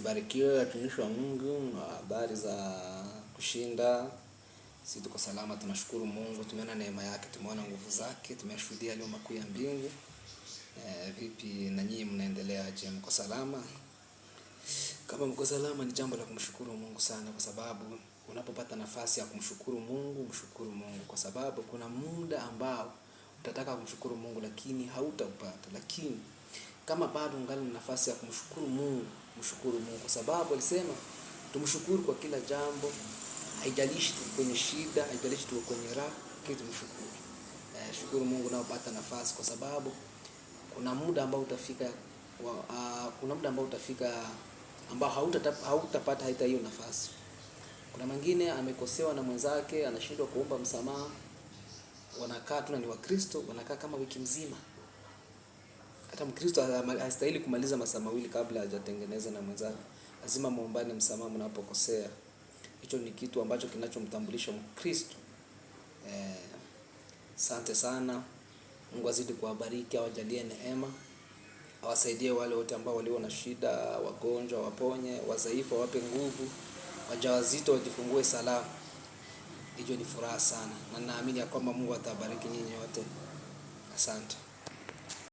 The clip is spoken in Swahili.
Sibarikiwe watumishi wa Mungu na habari za kushinda. Sisi tuko salama, tunashukuru Mungu, tumeona neema yake, tumeona nguvu zake, tumeshuhudia leo makuu ya mbingu. E, vipi na nyinyi mnaendelea je? Mko salama? Kama mko salama, ni jambo la kumshukuru Mungu sana, kwa sababu unapopata nafasi ya kumshukuru Mungu, mshukuru Mungu, kwa sababu kuna muda ambao utataka kumshukuru Mungu lakini hautaupata, lakini kama bado ungali na nafasi ya kumshukuru Mungu, mshukuru Mungu kwa sababu alisema tumshukuru kwa kila jambo, haijalishi tuko kwenye shida, haijalishi tuko kwenye raha, kitu mshukuru. Eh, shukuru Mungu unapopata nafasi, kwa sababu kuna muda ambao utafika wa, uh, kuna muda ambao utafika ambao hauta hautapata hata hiyo nafasi. Kuna mwingine amekosewa na mwenzake, anashindwa kuomba msamaha, wanakaa tuna ni Wakristo, wanakaa kama wiki mzima hata Mkristo hastahili kumaliza masaa mawili kabla hajatengeneza na mwenzake. Lazima muombane msamaha mnapokosea. Hicho ni kitu ambacho kinachomtambulisha Mkristo. Eh, asante eh, sana. Mungu azidi kuwabariki, awajalie neema, awasaidie wale wote ambao walio na shida, wagonjwa waponye, wadhaifu wape nguvu, wajawazito wajifungue salama. Hiyo ni furaha sana, na naamini ya kwamba Mungu atabariki nyinyi wote. Asante.